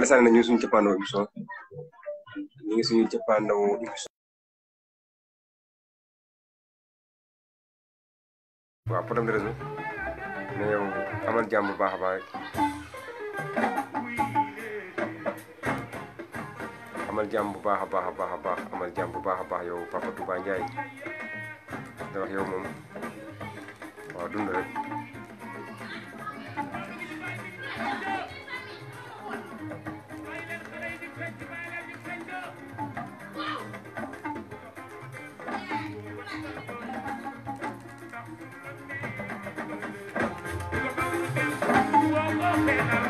Alassane na ñu ngi suñu cëppaandawu émission ñu ngi suñu cëppaandawu amal jàmm bu baax a baax amal jàmm bu baax a baax baax a baax amal jàmm bu baax a baax yow Papa Touba Ndiaye da wax yow moom waaw dund rek. i *laughs* Amen.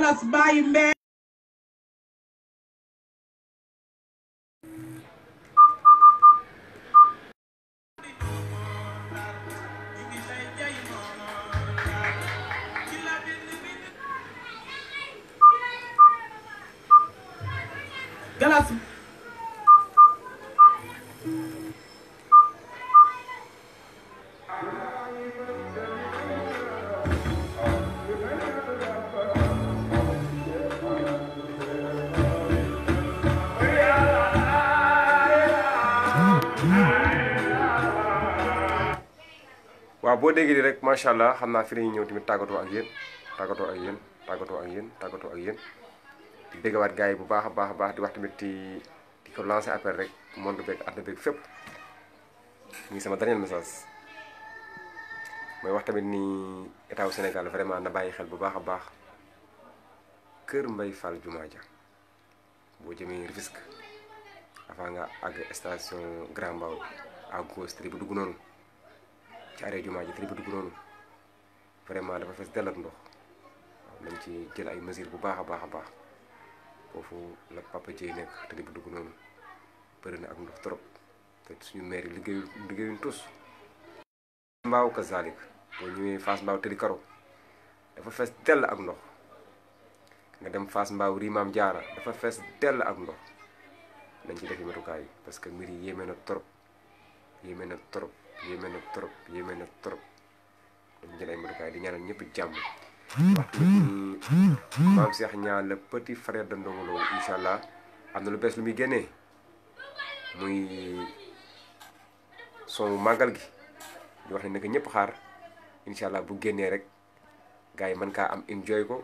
Let us buy man. ko déggee nii rek macha allah xam fi ni ñew timi tagato ak yeen tagato ak yeen tagato ak yeen tagato ak yeen di déggawaat wat gaay bu baax baax baax di wax timi ti di ko lancer appel rek monde bek adde bek fep ni sama dernier message moy wax tamit ni état au Sénégal vraiment na bayyi xel bu baax baax keur Mbay Fall juma ja bo jëmee risque avant nga ag station Grand Mbao à gauche tribu dugg noonu ci arrêt jumaa ji fi ñu dugg noonu vraiment dafa fees dell ak ndox waaw ci jël ay mesures bu baax a baax a baax foofu la papa nekk te dugg noonu na ak ndox trop te suñu maire yi liggéeyu liggéeyuñ tus mbaaw kazalik boo ñëwee Fass mbaaw tëli karo dafa fees dell ak ndox nga dem Fass mbaaw rimaam jaara dafa fees dell ak ndox nañ ci def yi matukaay yi parce que mbir yi yéeme na trop yéeme na trop yéeme na trop yéeme na trop dañ jël ay matukaay di ñaanal ñëpp jàmm wax ni maam Cheikh Niang le petit frère de Ndongo Lo incha allah am na lu bees lu muy génnee gi di wax ne naka ñëpp xaar bu génnee rek gars yi mën am enjoy ko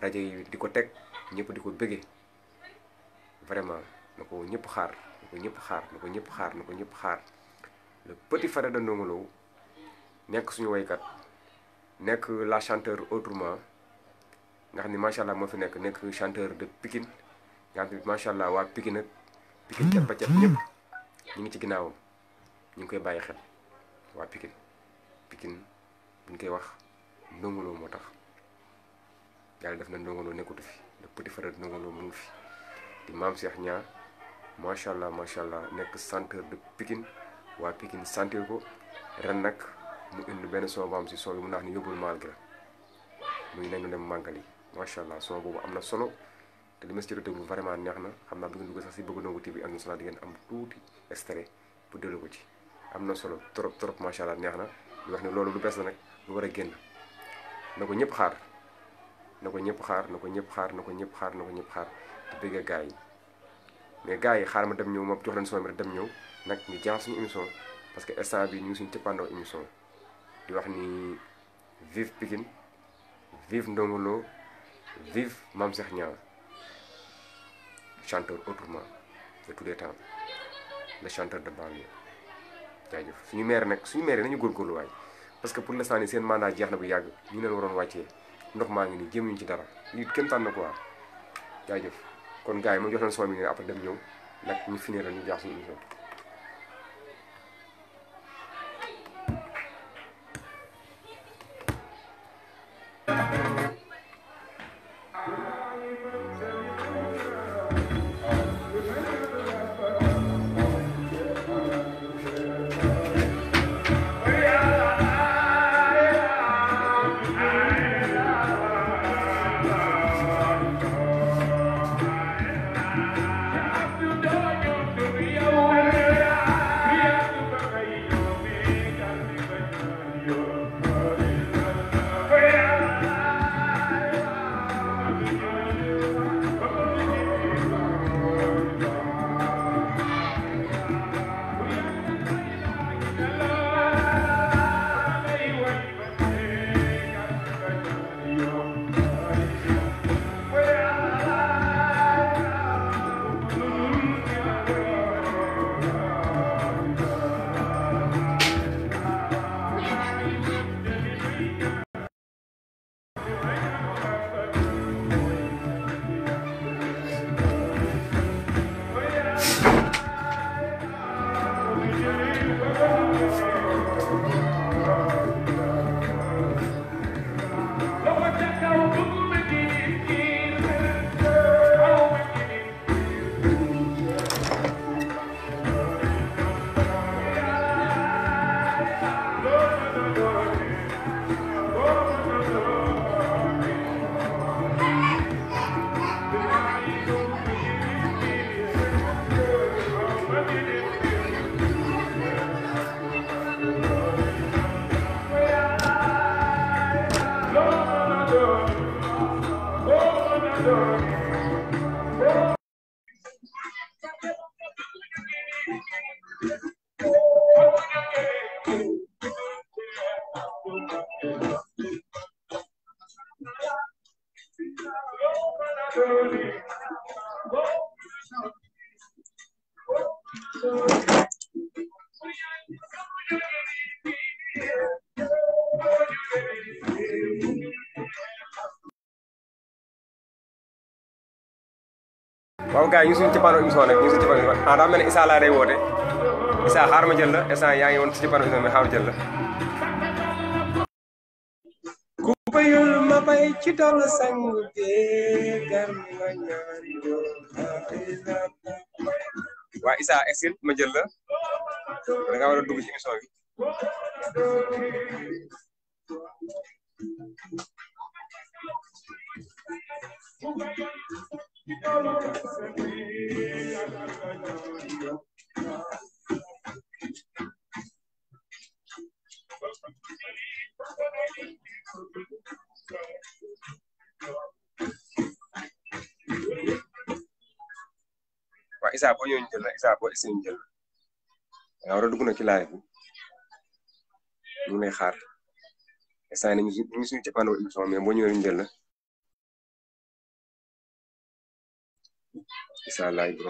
Raja yi di ko teg ñëpp di ko bëggee vraiment na ko ñëpp xaar na ko ñëpp xaar na ko ñëpp xaar na ko le petit frère de Ndongo Lo nekk suñu waykat nek la chanteur autrement nga xamni ni mo fi nek nek chanteur de pikin, nga xamni machallah wa pikin nak pikin ci Pikine ñep ñi ngi ci ginaaw ñi ngi koy baye xel wa pikin pikin bu koy wax Lo moo def na Lo fi le petit frère de mu fi di mam Cheikh nya macha allah macha allah chanteur de Pikine. waa Pikine sentir ko ren nag mu indi benn son bu am si son bi mu naax ni yóbbul malgré muy nañu dem màggali macha allah son boobu am na solo te li ma si jot a déglu vraiment neex na xam naa bu ngeen dugg sax si bëgg ndongo TV a Moussa di ngeen am tuuti extrait pour déglu ko ci am na solo trop trop macha allah na di wax ne loolu lu bees la nag lu war a génn na ko ñëpp xaar na ko ñëpp xaar na ko ñëpp xaar na ko ñëpp xaar na ko ñëpp xaar di bëgg gaa yi mais gaa yi xaar ma dem ñëw moom jox leen son bi rek dem ñëw. nag ñu jeexal suñu émission parce que instant bi ñu ngi suñu cëppandoo émission di wax ni vive Pikine vive Ndongo Lo vive Mame Cheikh Niang chanteur autrement de tous les temps le chanteur de banlieue jaajëf suñu maire nag suñu maire nañu góorgóorlu waay parce que pour l'instant nii seen mandat jeex na bu yàgg ñu leen waroon wàccee ndox maa ngi nii jëm ñu ci dara lii kenn tànn quoi jaajëf kon gars yi ma jox leen soo mi ne dem ñëw nag ñu finir ñu jaax suñu moom gars yi ñu suñ ci panneau émission nag ñu suñ ci Issa laa day woote Issa xaar ma jël la instant yaa ngi woon ci panneau émission bi xaar la. ku bayul ma bay ci dool sang bee gar ma ñaan waa Issa exil ma jël la da ngaa dugg ci émission bi. wa Isa boo ñëwee ñu jël la Isa boo essayé ñu jël la a dugg na ci live bi ñu ngi lay xaar instant yii ñu ngi suñu Salai, y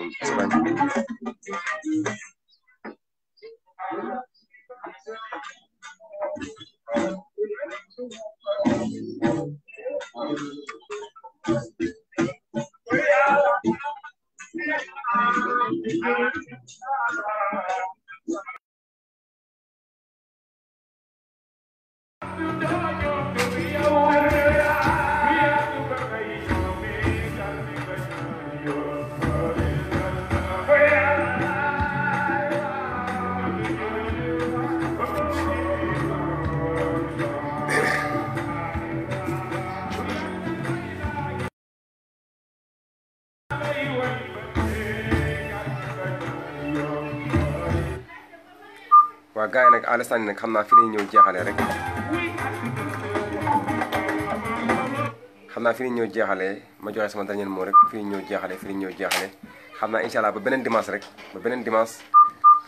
instant nag xam naa fi lañu ñëw jeexale rek xam naa fi lañu ñëw jeexale ma joxe sama dernier mot rek fi lañu ñëw jeexale fi lañu ñëw jeexale xam naa incha allah ba beneen dimanche rek ba beneen dimanche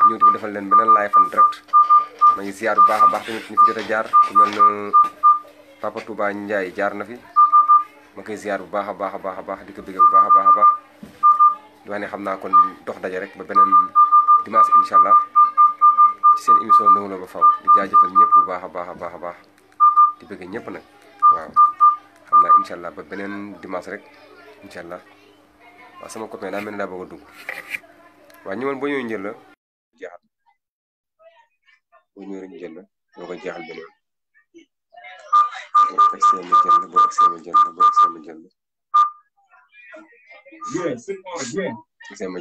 ñëw di defal leen beneen laay fan direct ma ngi ziar bu baax a baax tamit ñu fi jot a jaar ku mel ne Papa Touba Ndiaye jaar na fi ma koy ziar baax a baax a baax a baax di ko bëggee bu baax a baax a baax lu wax ne xam naa kon dox daje rek ba beneen dimanche incha allah ci seen émission Ndongo Lo ba faw di jaajëfal ñëpp bu baax baax baax a baax di bëgg ñëpp nag waaw xam naa incha allah ba beneen dimanche rek incha allah waaw sama copain daa mel ne daa bëgg a dugg waaw ñu man boo ñëwee njël la jeexal boo ñëwee njël la boo ko jeexal beneen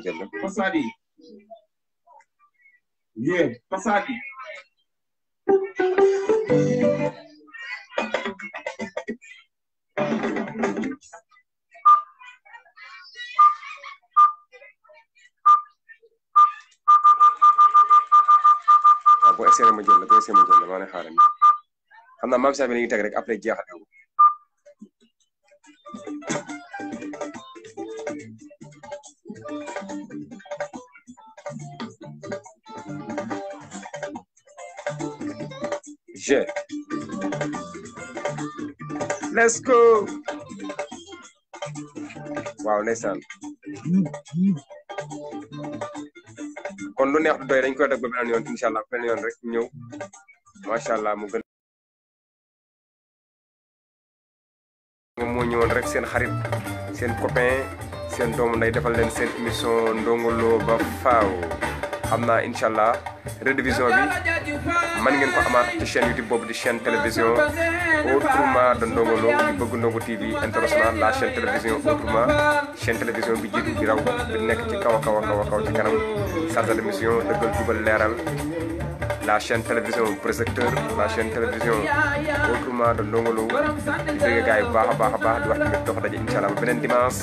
boo egsee Yeah, Pasaki. boo essayé ma jël la boo essayé ma jël la maa ne xaaral mi xam naa Let's go. Wow, ndeysaan kon lu neex du doy dañ koy dag ba yoon inshallah allah beneen yoon rek ñëw macha allah mu gën moom moo ñëwoon rek seen xarit seen copain seen doomu nday defal leen seen émission Ndongo Lo ba faaw xam naa incha allah rediffusion bi man ngeen ko amaat ci chaîne YouTube boobu di chaîne télévision autrement de Ndongo Lo di bëgg Ndongo TV international la chaîne télévision autrement chaîne télévision bi jiitu bi raw bi nekk ci kaw a kaw a kaw a kaw ci kanam chargé de dëggal jubal leeral la chaîne télévision projecteur la chaîne télévision autrement de Ndongo Lo di bëgg gars yi baax a baax a baax di wax tamit dox daje incha ba beneen dimanche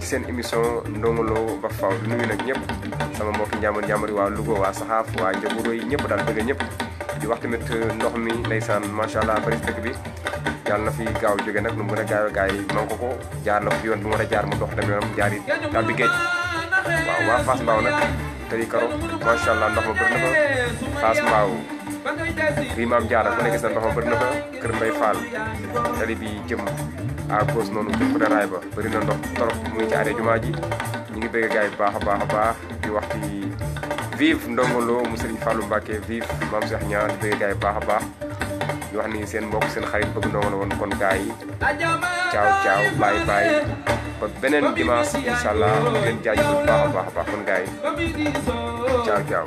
ci seen émission Ndongo Lo ba faaw di nuyu nag ñëpp sama mbokk njàmbur njàmbur waa Louga waa Saxaaf waa Njaboro yi ñëpp daal bëgg ñëpp di wax tamit ndox mi ndeysaan macha allah bari dëkk bi yàlla na fi gaaw jóge nag nu mu a gaawee gars yi man ko ko jaar la fi yoon bi mu war a jaar mu dox dem yoonam jaar yi daal di tali karo macha allah ndox ma bëri na fa Fass Mbao fii Maam Jaara ku ne gis na ndox ma bëri na fa Kër Mbay Fall tali bi jëm à cause noonu jëm ko raay ba bëri ndox trop mu ngi ci arrêt jumaa ji ñu ngi bëgg gaay baax a baax a baax di wax ci vive Ndongo Lo mu Serigne Fallou Mbacké vive Maam Cheikh Niang di bëgg gaay baax a baax di wax seen mbokk seen xarit bëgg ndongo la woon kon gars yi caaw caaw bàyyi baay ba beneen dimaas incha allah di leen bu baax a baax a baax kon gars caaw caaw.